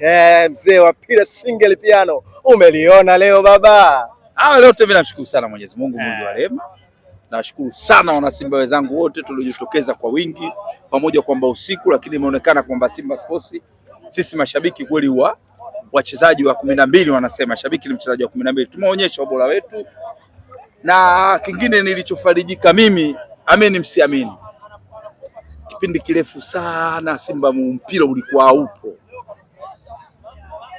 Eh, mzee wa pira single piano umeliona leo baba. Ah, leo tena namshukuru sana Mwenyezi Mungu Mungu eh. wa rehema. Nashukuru sana wanasimba wenzangu wote tuliojitokeza kwa wingi pamoja kwamba usiku, lakini imeonekana kwamba Simba Sports sisi mashabiki kweli wa wachezaji wa kumi na mbili wanasema shabiki ni mchezaji wa kumi na mbili. Tumeonyesha ubora wetu na kingine nilichofarijika mimi, ameni msiamini, kipindi kirefu sana Simba mpira ulikuwa haupo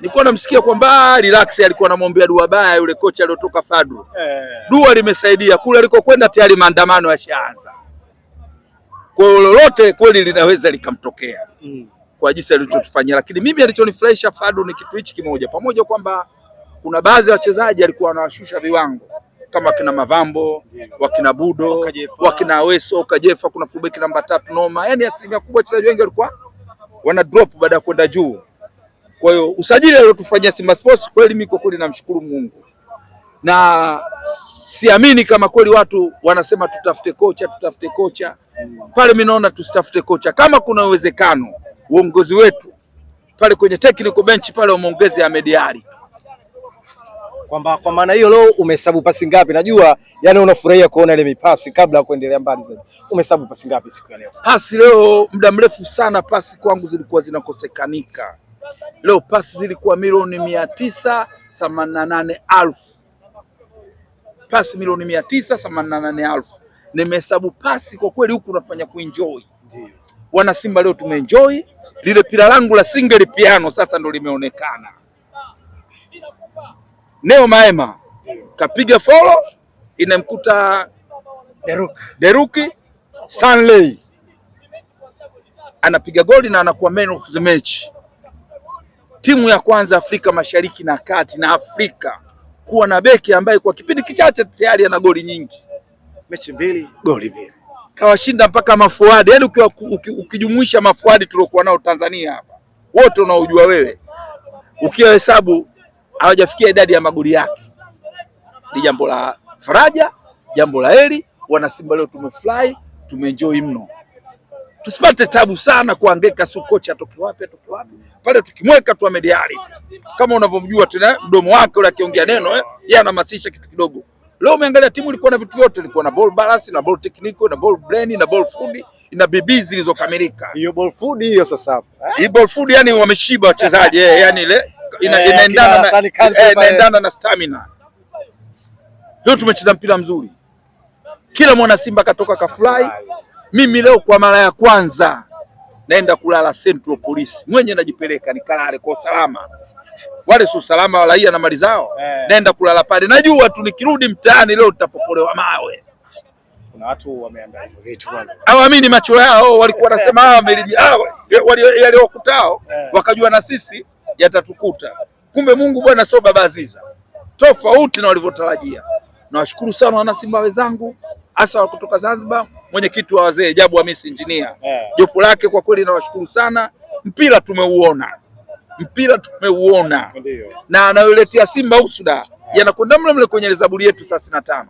nilikuwa namsikia kwa mbali relax, alikuwa anamwombea dua baya yule kocha aliyotoka Fadru. eh. Dua limesaidia kule alikokwenda, tayari maandamano yashaanza. Kwa hiyo lolote kweli linaweza likamtokea mm. kwa jinsi alichotufanyia, lakini mimi alichonifurahisha Fadru ni kitu hichi kimoja, pamoja kwamba kuna baadhi ya wachezaji alikuwa anawashusha viwango kama wakina Mavambo wakina Budo Okajefa, wakina Aweso Kajefa, kuna fullback namba tatu Noma, yaani asilimia kubwa wachezaji wengi walikuwa wana drop baada ya kwenda juu kwa hiyo usajili aliotufanyia Simba Sports kweli, miko kweli namshukuru Mungu, na siamini kama kweli watu wanasema tutafute kocha, tutafute kocha pale. Mimi naona tusitafute kocha, kama kuna uwezekano uongozi wetu pale kwenye technical bench pale wameongeze Ahmed Ally kwamba kwa maana hiyo, leo umehesabu pasi ngapi? Najua yani unafurahia kuona ile mipasi. Kabla ya kuendelea mbali zaidi, umehesabu pasi ngapi siku ya leo? Pasi leo muda mrefu sana, pasi kwangu zilikuwa zinakosekanika, Leo pasi zilikuwa milioni mia tisa themanini na nane elfu pasi milioni mia tisa themanini na nane elfu Nimehesabu pasi kwa kweli, huku unafanya kuenjoy. Ndio wana Simba leo tumeenjoy. Lile pira langu la single piano sasa ndo limeonekana. Neo Maema kapiga folo inamkuta Deruki, Deruki Stanley anapiga goli na anakuwa man of the match timu ya kwanza Afrika Mashariki na Kati na Afrika kuwa na beki ambaye kwa kipindi kichache tayari ana goli nyingi, mechi mbili goli mbili kawashinda mpaka mafuadi, yani ukijumuisha mafuadi tuliokuwa nao Tanzania hapa wote unaojua wewe, ukiwahesabu hawajafikia idadi ya magoli yake. Ni jambo la faraja, jambo la heri. Wanasimba leo tumefurahi, tumeenjoy mno tusipate tabu sana kuangaika, si kocha atoke wapi atoke wapi pale. Tukimweka tu amediari kama unavyomjua tena, eh, mdomo wake ule akiongea neno eh, yeye anahamasisha kitu kidogo. Leo umeangalia timu ilikuwa na vitu vyote, ilikuwa na ball balance na ball technique na ball brain na ball food na BB zilizokamilika. Hiyo ball food hiyo sasa, eh? hii ball food yani wameshiba wachezaji eh, yani ile ina, eh, inaendana na inaendana na stamina. Leo tumecheza mpira mzuri, kila mwana Simba katoka kafurahi mimi leo kwa mara ya kwanza naenda kulala Central Police mwenye najipeleka nikalale kwa usalama, wale si usalama wa raia na mali zao eh. Naenda kulala pale, najua tu nikirudi mtaani leo tutapopolewa mawe. Kuna watu wameandaa vitu kwanza, hawaamini macho yao, walikuwa eh. wanasema hawa waliowakutao eh. Wakajua na sisi yatatukuta, kumbe Mungu bwana sio baba Aziza, tofauti na walivyotarajia. Nawashukuru sana wana Simba wenzangu hasa kutoka Zanzibar mwenyekiti wa wazee Jabu Hamisi Injinia, eh. jopo lake kwa kweli nawashukuru sana. Mpira tumeuona, mpira tumeuona na anayoletea Simba usuda yanakwenda mle mle kwenye zaburi yetu thelathini na tano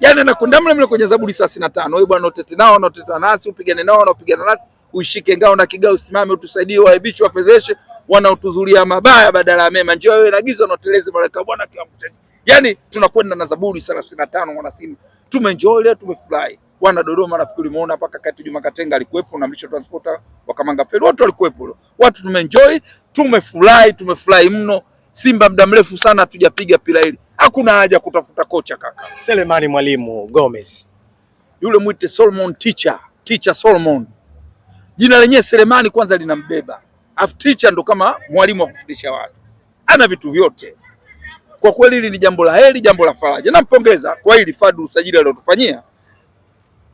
yani anakwenda mle mle kwenye Zaburi thelathini na tano wewe bwana, utete nao unaoteta nasi, upigane nao unaopigana nasi, uishike ngao na kigao, usimame, utusaidie, waibishe, wafezeshe wanaotuzulia mabaya badala ya mema, njia wewe na giza, unateleze malaika Bwana. Yani tunakwenda na Zaburi thelathini na tano wana Simba tumeenjoy leo, tumefurahi. Wana Dodoma nafikiri umeona paka kati Juma Katenga alikuwepo na Mlisho Transporter wa Kamanga Ferry watu walikuwepo. Watu tumeenjoy, tumefurahi, tumefurahi mno. Simba muda mrefu sana hatujapiga pila hili. Hakuna haja kutafuta kocha kaka. Selemani Mwalimu Gomez. Yule mwite Solomon Teacher, Teacher Solomon. Jina lenyewe Selemani kwanza linambeba. Afu teacher ndo kama mwalimu wa kufundisha watu. Ana vitu vyote. Kwa kweli hili ni jambo la heri, jambo la faraja. Nampongeza kwa hili Fadu, usajili aliotufanyia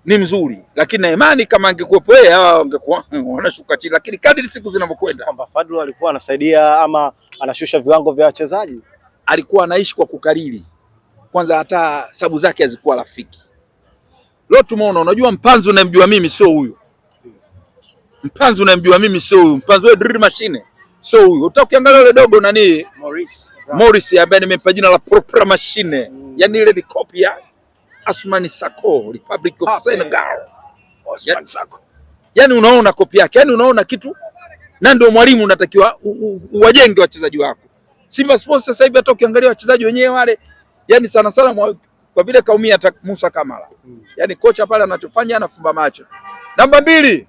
ni mzuri, lakini na imani kama angekuwepo yeye hawa wangekuwa wanashuka chini, lakini kadri siku zinavyokwenda kwamba Fadu alikuwa anasaidia ama anashusha viwango vya wachezaji, alikuwa anaishi kwa kukariri. Kwanza hata sabu zake hazikuwa rafiki. Leo tumeona, unajua mpanzi unamjua mimi sio huyu mpanzi unamjua mimi sio huyu mpanzi, wewe drill machine sio huyu. Utakiangalia yule dogo nani Maurice Morris ambaye nimempa jina la Propra Machine mm. yani ile ni copy ya Asmani Sako, Republic of ha, Senegal. Osman Sako. Yani unaona kopi yake, yani unaona kitu, na ndio mwalimu unatakiwa uwajenge wachezaji wako. Simba Sports sasa hivi hata ukiangalia wachezaji wenyewe wale, yani sana sana kwa vile kaumia hata Musa Kamara mm. yani kocha pale anachofanya anafumba macho. Namba mbili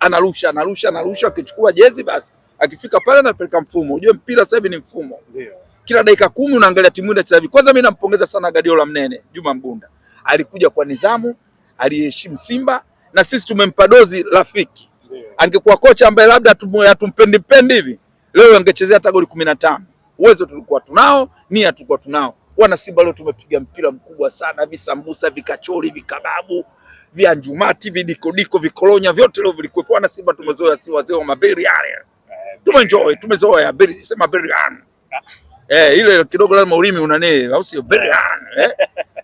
anarusha anarusha anarusha, akichukua jezi basi, akifika pale anapeleka mfumo. Ujue mpira sasa hivi ni mfumo, ndio kila dakika kumi unaangalia timu inacheza vipi. Kwanza mimi nampongeza sana Guardiola mnene Juma Mgunda, alikuja kwa nidhamu, aliheshimu Simba na sisi tumempa dozi rafiki. Angekuwa kocha ambaye labda hatumpendi pendi hivi, leo angechezea hata goli kumi na tano. Uwezo tulikuwa tunao, nia tulikuwa tunao. Wana Simba leo tumepiga mpira mkubwa sana, visambusa, vikachori, vikababu vya njumati vidikodiko vikolonya vyote leo vilikuwepo. Wana Simba tumezoea, si wazee wa maberi yale, tumenjoy, tumezoea beri, sema beri Eh, ile kidogo lazima ulimi unane, au sio? Eh.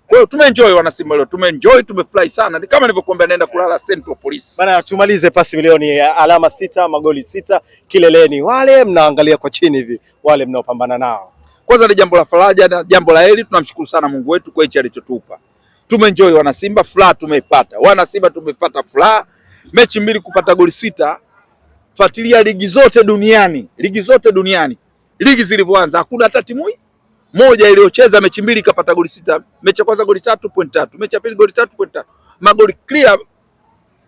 Kwa hiyo tumeenjoy wana Simba leo. Tumeenjoy, tumefurahi sana. Ni kama nilivyokuambia naenda kulala Central Police. Bana tumalize pasi milioni alama sita, magoli sita, kileleni. Wale mnaangalia kwa chini hivi, wale mnaopambana nao. Kwanza ni jambo la faraja na jambo la heri, tunamshukuru sana Mungu wetu kwa hichi alichotupa. Tumeenjoy wana Simba, furaha tumeipata. Wana Simba tumepata furaha. Mechi mbili kupata goli sita. Fuatilia ligi zote duniani, ligi zote duniani ligi zilivyoanza hakuna hata timu moja iliyocheza mechi mbili ikapata goli sita. Mechi ya kwanza goli tatu point tatu, mechi ya pili goli tatu point tatu, magoli clear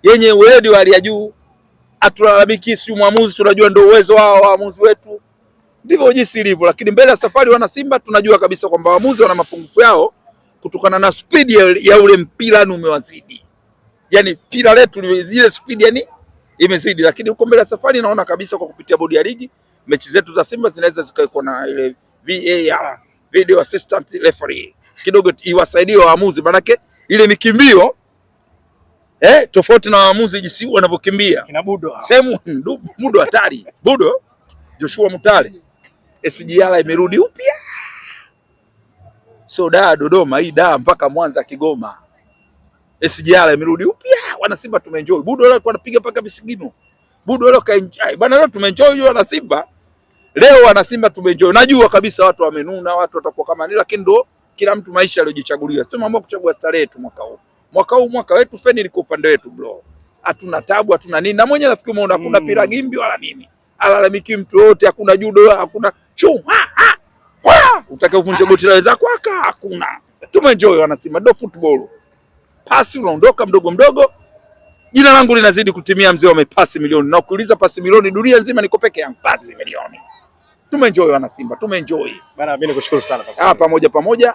yenye weledi wa hali ya juu. Hatulalamiki, si mwamuzi, tunajua ndio uwezo wao waamuzi wetu, ndivyo jinsi ilivyo. Lakini mbele ya safari, wana Simba tunajua kabisa kwamba waamuzi wana mapungufu yao kutokana na speed ya, ya ule mpira ni umewazidi, yani mpira letu ile speed yani imezidi. Lakini huko mbele ya safari, naona kabisa kwa kupitia bodi ya ligi mechi zetu za Simba zinaweza zikawa na ile VAR, video assistant referee, kidogo iwasaidie waamuzi, manake ile mikimbio eh, tofauti na waamuzi jinsi wanavyokimbia kina budo sehemu budo hatari budo Joshua Mutale, SGR imerudi upya, so daa Dodoma hii daa mpaka Mwanza Kigoma, SGR imerudi upya. Wana Simba tumeenjoy budo, leo alikuwa anapiga paka visigino budo, leo kaenjoy bwana, leo tumeenjoy wana Simba Leo wanasimba tumejoy, najua kabisa watu wamenuna, watu watakuwa kama nini, lakini ndo kila mtu maisha aliyojichagulia. Sio mambo kuchagua starehe yetu mwaka huu, mwaka huu, mwaka wetu feni liko upande wetu bro, hatuna tabu, hatuna nini, na mwenye nafikiri umeona, hakuna mm. pira gimbi wala nini, alalamiki mtu yote, hakuna judo, hakuna chuma, utake uvunje goti la wenzako aka, hakuna. Tumejoy wanasimba, do football, pasi unaondoka mdogo mdogo Jina langu linazidi kutimia, mzee. wa Wamepasi milioni na ukiuliza pasi milioni, dunia nzima niko peke yangu, pasi milioni tumeenjoy wana Simba, tumeenjoy bana. Mimi nikushukuru sana kwa ah, sababu pamoja pamoja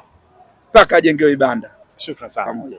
mpaka ajengewe ibanda. Shukrani sana pamoja.